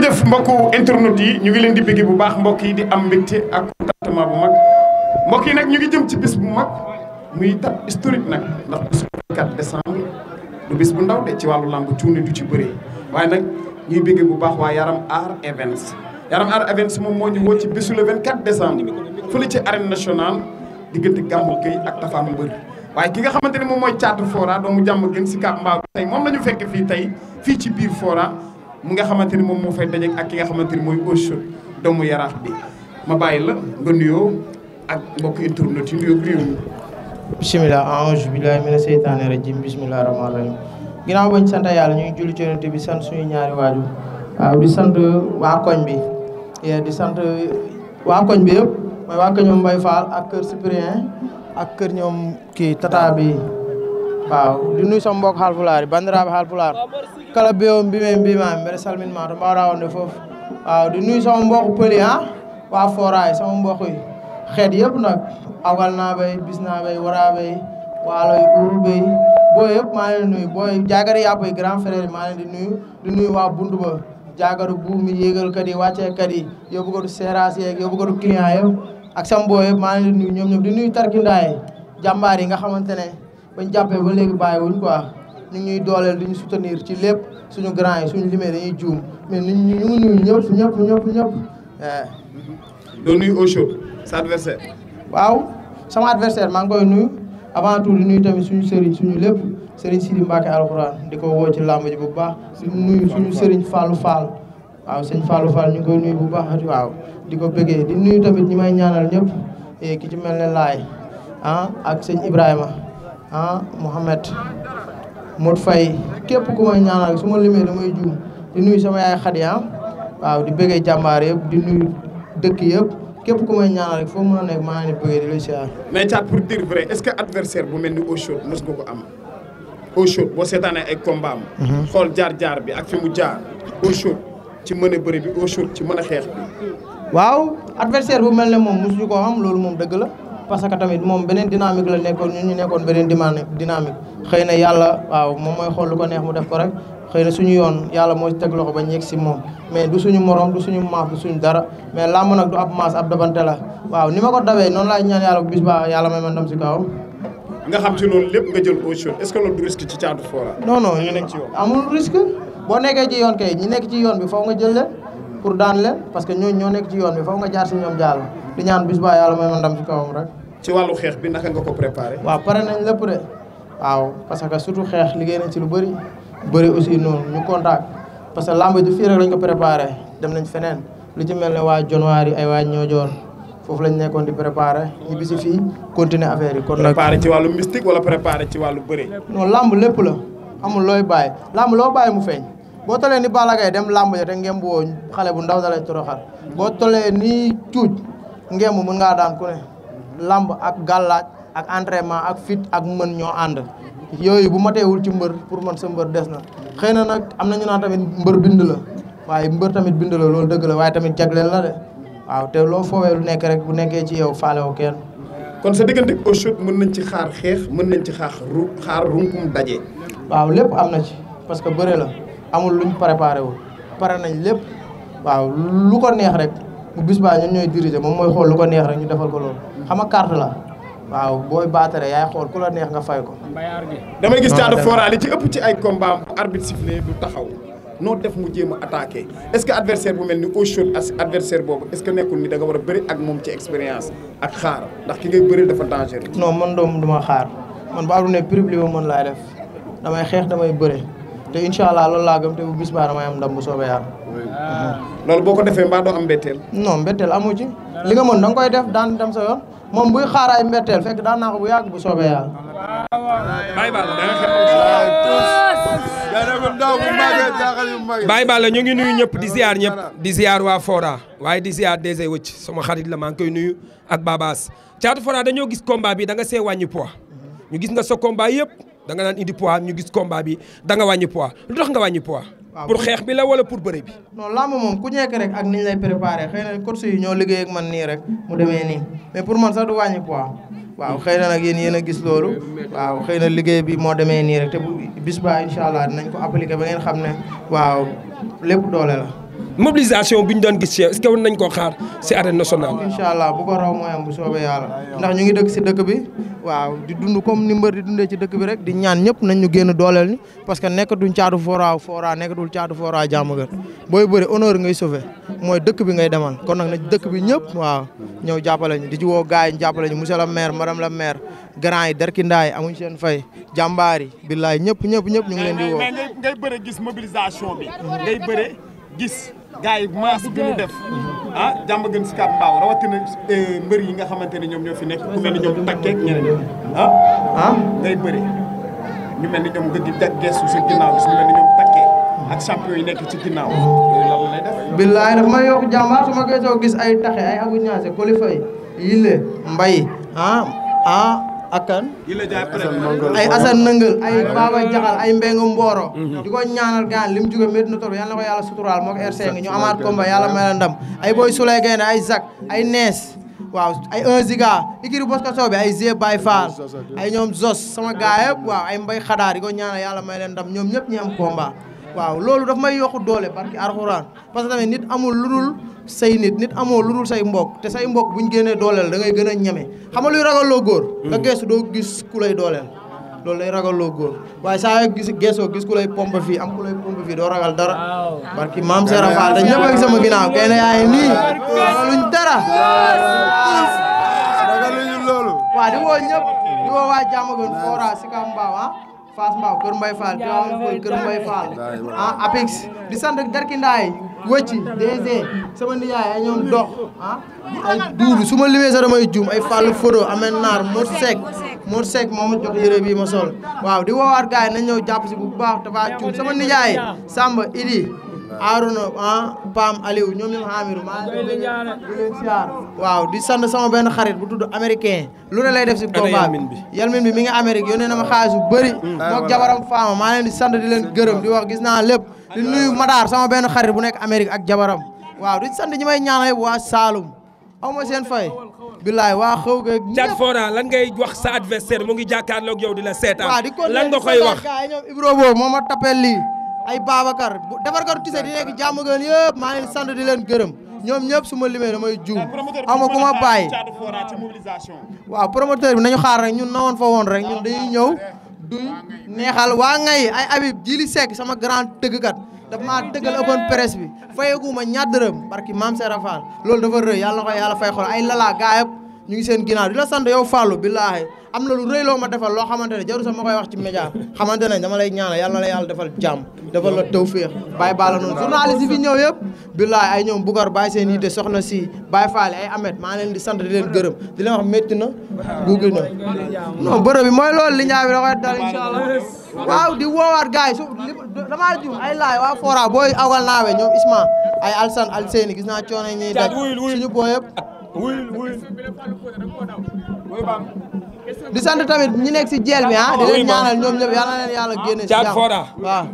jërëjëf mbokku internet yi ñu ngi leen di bëgg bu baax mbokk yi di am mbégte ak contentement bu mag mbokk yi nag ñu ngi jëm ci bis bu mag muy date historique nag ndax bisu 4 bu ndaw de ci wàllu làmb tuuni du ci bëree waaye nag ñuy bu baax waa Yaram Art Events Yaram moom moo ñu woo ci bisu le 24 décembre fële ci arène nationale diggante Gamou Gueye ak Tapha Mbeur waaye ki nga xamante ne moom mooy caatu Fora doomu jàmm gën si Kàmb Mbaaw tey moom la ñu fekk fii tey fii ci biir Fora. mu nga xamante ni moom moo fay dajeek ak ki nga xamante ni mooy Euchou doomu yaraax bi ma bàyyi la nga nuyoo ak mbokk internet yi nuyoo réew mi. bisimilah aouzu billahi mina seytaani rajim bisimilah rahmaani rahim ginnaaw bañ sant yàlla ñuy julli ci sent bi sant suñu ñaari waajur waaw di sant waa koñ bi eh, di sant waa koñ bi yëpp mooy waa kër ñoom Mbaye ak kër Cyprien ak kër ñoom kii tata bi waaw di nuyu sama mbokk haalpulaar yi banndiraaɓe haalpulaar kala bewo mbimi mbimami mbeɗa salminma to mbawɗa wonde foof waaw di nuyu sama mbokk pëli ha ah, wa foray sama mbokk xeet yëpp nag awgal naaɓe bisnaaɓe waraaɓe waalo yi uruɓe booy yëpp maa leen booy jaagari yàpp yi grand frère yi maa di nuyu waa buntu ba jaagaru buumi yéegalkat yi wàcceekat yi yóbbu ko du seeraas yeeg yóbbu ko du client ak sama booy yëpp maa leen di ñoom di nuyu nga xamante bañ jàppee ba léegi bàyyiwuñ quoi ñu ñuy dooleel di ñu soutenir ci lépp suñu grand yi suñu limee dañuy juum mais ñu ñu ngi nuyu ñëpp ñëpp ñëpp ñëpp. Eh. doo nuyu au chaud waaw sama adversaire maa ngi koy nuyu avant tout di nuyu suñu sëriñ suñu lépp sëriñ Sidi Mbacke alxuraan di ko woo ci làmb bu baax suñu sëriñ Fallou Fall. waaw sëñ Fallou Fall ñu ngi koy nuyu bu baax waaw di ko bëggee di nuyu tamit ñi may ñaanal ñëpp eh, ki ci mel ne Laay ah ak sëñ Ibrahima. ah Mouhamed fay Faye képp ku may ñaanal su ma limee damay juum di nuyu sama yaay Xadi ah waaw di bëggee jàmbaar yëpp di nuyu dëkk yëpp képp ku may ñaanal rek foo mën a nekk maa ngi bëggee di la siyaar. mais Thiat pour dire vrai est-ce que adversaire bu mel ni Eau Chaude mës nga ko am Eau Chaude boo seetaanee ay combat mhm. xool jaar jaar bi ak fi mu jaar Eau ci mën a bëri bi ci mën a xeex bi. waaw adversaire bu mel ne moom mosuñu ko am loolu moom dëgg la. parce que tamit moom beneen dynamique la nekkoon ñun ñu nekkoon beneen dynamique xëy na yàlla waaw moom mooy xool lu ko neex mu def ko rek xëy na suñu yoon yàlla moo teg loxo ba ñeeg si moom mais du morom suñu maas du suñu dara la waaw ni ma ko dawee noonu laay ñaan yàlla bu bis ba yàlla may boo nekkee ci yoon kay ñi nekk ci yoon bi faw nga jël leen pour daan leen parce que ñooñu ñoo nekk ci yoon bi faw nga jaar si ñoom jàll di ñaan bis ba yàlla may ma si kawam rek ci wàllu xeex bi naka nga ko préparé. waaw pare nañ lépp de waaw parce que surtout xeex liggéey nañ ci lu bëri bëri aussi noonu ñu contact parce que làmb du fii rek lañ ko préparé dem nañ feneen lu ci mel ne waa januar yi ay waa ñoojoor foofu lañ nekkoon di préparé ñu bisi fii affaire yi kon nag. ci wàllu mystique wala préparé ci wàllu bëri. non làmb lépp la amul looy bàyyi làmb loo baay mu feeñ. boo tollee ni Balla Gaye dem làmb ja te ngemb woo xale bu ndaw da lay toroxal boo tole ni cuuj ngemb mën ngaa daan ku làmb ak gàllaaj ak entraînement ak fit ak mën ñoo ànd yooyu bu ma teewul ci mbër pour man sa mbër des na xëy na nag am na ñu naan tamit mbër bind la waaye mbër tamit bind la loolu dëgg la waaye tamit jagleel la de waaw te loo foowee lu nekk rek bu nekkee ci yow faale woo kenn kon sa diggante au shoot mën nañ ci xaar xeex mën nañ ci xaar ru xaar runkum daje. waaw lépp am na ci parce que bëre la amul luñ préparé wul pare nañ lépp waaw lu ko neex rek bu bis baa ñun ñooy diriger moom mooy xool lu ko neex rek ñu defal ko loolu xam nga carte la waaw booy baatare yaay xool ku la neex nga fay ko. damay gis Thiatou Fora li ci ëpp ci ay combat bu arbitre sifflé du taxaw noo def mu jéem a attaqué est-ce que adversaire bu mel ni au chaud adversaire boobu est-ce que nekkul ni da nga war a bëri ak moom ci expérience ak xaar ndax ki ngay bëri dafa dangereux. non man doom du ma xaar man ba ne public bi man laay def damay xeex damay bëre te incha allah loolu laa gëm te bu bis baa damay am ndam loolu boo ko defee mbaa doo am mbetteel. non mbetteel amu ci. li nga mën da koy def daan dem sa yoon moom buy xaaraay mbetteel fekk daan naa ko bu yàgg bu soobee yàlla. Baye Balla da nga xew. Baye Balla ñu ngi nuyu ñëpp di ziar ñëpp di ziar waa Fora waaye di ziar DG Wëcc sama xarit la maa ngi koy nuyu ak Babas Caatu Fora dañoo gis combat bi danga nga see wàññi poids ñu gis nga sa combat yëpp da nga naan indi poids ñu gis combat bi danga nga wàññi poids lu tax nga wàññi poids. pour xeex bi la wala pour bëre bi. non làmb moom ku nekk rek ak ni ñu lay préparé xëy na coach yi ñoo liggéey ak man nii rek mu demee nii mais pour man sax du wàññi poids. waaw xëy na nag yéen yéen a gis loolu waaw xëy na liggéey bi moo demee nii rek te bu bis ba incha allah dinañ ko appliqué ba ngeen xam ne waaw lépp doole la. mobilisation bi ñu doon gis ci est-ce nañ koo xaar ci arène nationale. incha bu ko raw mooy am bu soobee yàlla ndax ñu ngi dëkk ci dëkk bi waaw di dund comme ni mbër di dundee ci dëkk bi rek di ñaan ñëpp nañ ñu génn dooleel ni parce que nekkatul caatu fora fora nekkatul caatu fora jàmm gën booy bëri honneur ngay sauver mooy dëkk bi ngay demal kon nag na dëkk bi ñëpp waaw ñëw jàppale di ci woo gars yi jàppale ñu monsieur le maire madame la maire grand yi jàmbaar yi billaay ñëpp ñëpp ñëpp ñu ngi leen di woo. mais ngay bëre gis gars yi maas bi ñu def ah jàmba gën si kaat mbaaw rawatina euh, mbër yi nga xamante ne ñoom ñoo fi nekk ku mel ni ñoom takkeek ñeneen ah ah ngay bëri ñu mel ni ñoom nga di dag geesu si ginnaaw su mel ni ñoom takkee ak champion yi nekk ci ginnaaw loolu lay def billaay daf may yokk jàmbaar ah, su ma gisoo gis ay taxe ay agu ñaase kolifay yille mbay ah ah ak kan ay Assane Nangal ay Baba Jaxal ay Mbengue Mboro mm-hmm. di ko ñaanal gaan li mu jóge Medina Tour yàlla na ko yàlla suturaal moo ko RC ngi amaat combat yàlla may la ndam ay Boy Souley Gaynde ay Zak ay Nees waaw ay 1 ikiri boska soobi ay Zé Baye Fall ay ñoom Zos sama gaay yëpp waaw ay Mbay Xadaar di ko ñaanal yàlla may ndam ñoom ñëpp ñi am waaw loolu daf may yokk doole barki alxuraan parce que tamit nit amul lu dul say nit amoo lu say mbokk te say mbokk bu ñu génnee dooleel da ngay gën a ñeme xam nga luy ragaloo góor. nga mm. geesu doo gis ku lay dooleel. loolu lay ragaloo góor waaye saa gis geesoo gis ku lay pompe fii am ku lay pompe fii doo ragal dara. barki maam Serap Fall te ñëpp a sama ginnaaw kenn yaay nii. ragaluñ dara. ragaluñ loolu. waaw di woo ñëpp di woo waa Diamaguène Fass Mbao Kër Mbaye Fall Tivaouane Kër Mbaye Fall ah di sant Darki Ndaay wëcci DG sama nijaay ay ñoom ah, ay duudu su ma limee sax damay juum ay Fallou Fodo Amel Naar Mor Seck moo ma jox yére bii ma sol waaw di woowaat gars yi nañ ñëw jàpp si bu baax dafa cuum sama nijaay Samba Idi Arouna ah Pam Aliou ñoom ñoom Amirou di leen siyaar waaw di sant sama benn xarit bu tudd américain lu ne lay def si combat bi yalmin bi mi ngi Amérique yónnee na ma xaalis bu bëri hmm. mook jabaram faama maa leen di sant di leen gërëm di wax gis naa lépp di nuyu Madaar sama benn xarit bu nekk Amérique ak jabaram waaw di sant ñi may ñaanal waa Saloum aw ma seen fay bilaay waa xaw ga Thiat Fora lan ngay wax sa adversaire mu ngi jàkkaarloog yow di la seetaan lan nga di ko lan nga lii ay Babacar defarkatu tise di nekk jàmm gën yëpp maa ngi sant di leen gërëm ñoom ñëpp su ma limee damay juum ama ku ma bàyyi waaw promoteur bi nañu xaar rek ñun na nawoon fa woon rek ñun dañuy ñëw duñ neexal waa ngay ay Habib Jili Seck sama grande grand tëggkat daf maa tëggal open presse bi fayeguma ñaar dërëm barki maam Serafal loolu dafa rëy yàlla na ko fay xol ay lala gaayab ñu ngi seen ginnaaw di la sant yow Fallou billaahi am na lu rëy loo ma defal loo xamante ne jarul sax ma koy wax ci média xamante ne dama lay ñaanal yàlla na la yàlla defal jàmm defal la tawféex bàyyi baala noonu journaliste yi fi ñëw yëpp billaay ay ñoom Bougar bàyyi seen yitte soxna si bàyyi faale ay leen di sant di leen gërëm di leen wax na guugi na li ñaa bi da di woowaat gars yi ay laay waa fora booy awgal naawee ñoom Isma ay di sant tamit ñi nekk si jeel a ah di leen ñaanal ñoom ñëpp yal na leen yàlla génne si jàmm Thiat Fora waaw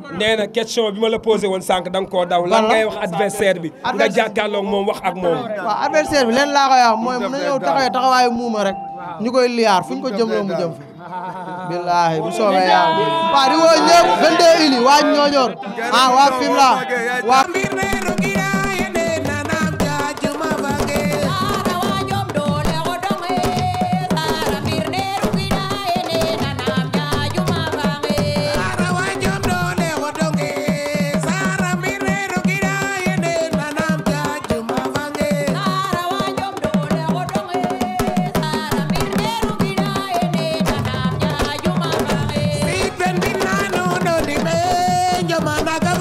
bi ma la posé woon sànq da nga koo daw lan ngay wax adversaire bi nga jàkkaarloog moom wax ak moom waaw adversaire bi leen laa koy wax mooy mën nañoo taxawee taxawaayu muuma rek ñu koy liyaar fu ñu ko jëmloo mu jëm fi billahi bu soobee yàlla waa di ah, waa Yamanaga